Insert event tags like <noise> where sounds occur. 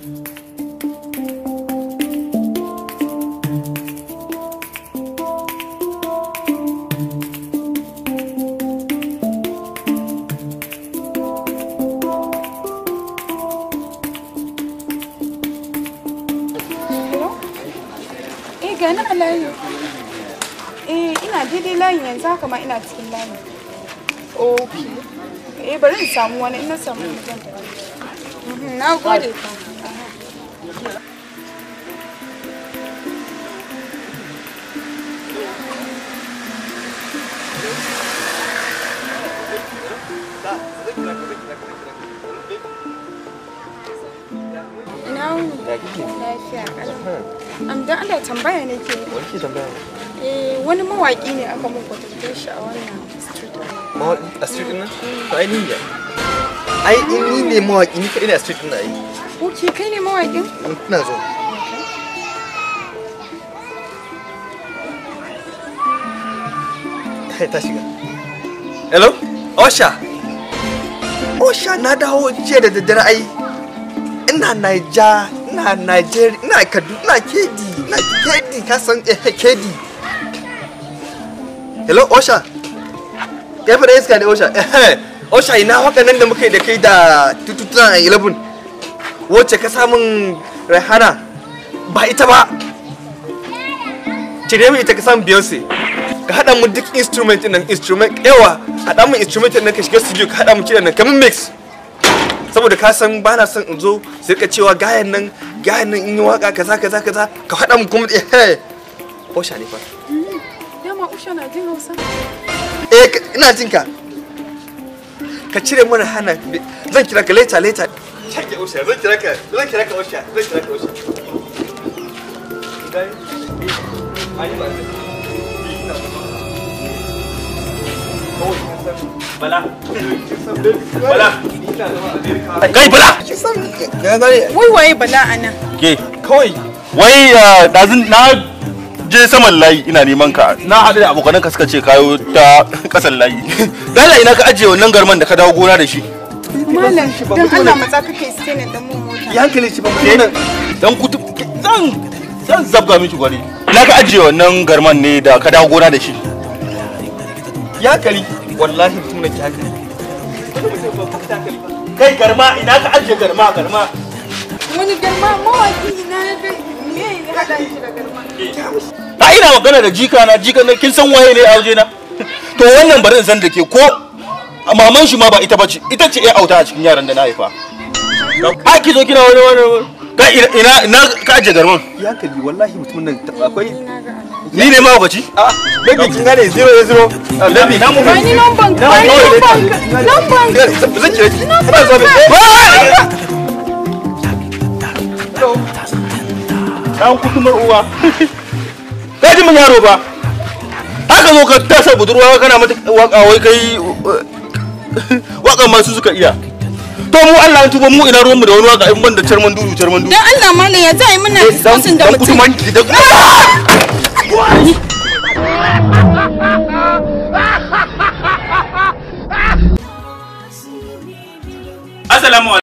Eh, gani eh ina layin yanzu ina cikin eh, bari in samu wani ina samu na gode ka Lafiya dan Allah tambaya Wani ke tambaya? Eh wani mawaki ne aka mun kwatanta shi a wannan Mawaki a street nan? To ai ninja. Ai in ni ne mawaki ni kai ne a street din ai. Oke kai ne mawakin? Ina zo. Kai ta shiga. Hello? Osha. Osha na dawo jiya da daddare ai. ina Naija ina Nigeria ina Kaduna ina Kedi ina Kedi ka san eh Kedi Hello Osha Kai fa da iska ne Osha eh, eh. Osha ina haka nan da muka da kai da 2011 wacce ka samun Rehana ba ita ba Cire mu ita ka samun Beyonce ka haɗa mu duk instrument nan instrument yawa haɗa mu instrument nan ka shiga studio ka haɗa mu kiɗan nan kamar mix saboda ka san ba na son in zo sai ka cewa gayan nan gayan nan in yi waka kaza kaza kaza ka faɗa mu kuma eh osha ne fa osha na jin hausa eh ina jin ka ka cire mana hana zan kira ka later later shake osha zan kira ka zan kira ka osha zan kira ka osha Bala. Bala. Kai bala! Wai waye bala a nan? Kawai. Wai ɗazin na je saman layi ina neman ka na haɗu da abokanan ka suka ce kayo ta kasan layi. <laughs> Dala ina ka ajiye wannan garman da ka dawo gona da shi. Malam, don Allah matsa kake stenin da mu mota. Ya hankali shi ba mu nan. Dan kutu dan zan zabga miki gwari. Na ka ajiye wannan garman ne da ka dawo gona da shi. Ya hankali wallahi mutum na ki hankali. kai garma ina ka ajiye garma garma wani ina ya me da garma magana da jika na jika na kin san waye ne a na to wannan bari in san da ke ko maman shi ma ba ita bace ita ce ya auta a cikin yaran da na haifa ba ki zo kina wani wani ka ina ina ka aje garman ya kabi wallahi mutumin nan akwai ni ne ma gaci a ah, baby kin gane 00 baby na mu wani numban wani numban numban zan kire ki ina zo dan kutumar uwa <laughs> kai ji mun yaro ba haka zo ka tasa budurwa kana mata waka wai kai eh, waka masu suka iya to mu Allah tuba mu ina ruwan mu da wani waka in ban da charman dudu charman dudu dan Allah mallam ya zai muna eh, discussion da mutum dan kudu da <laughs> Assalamu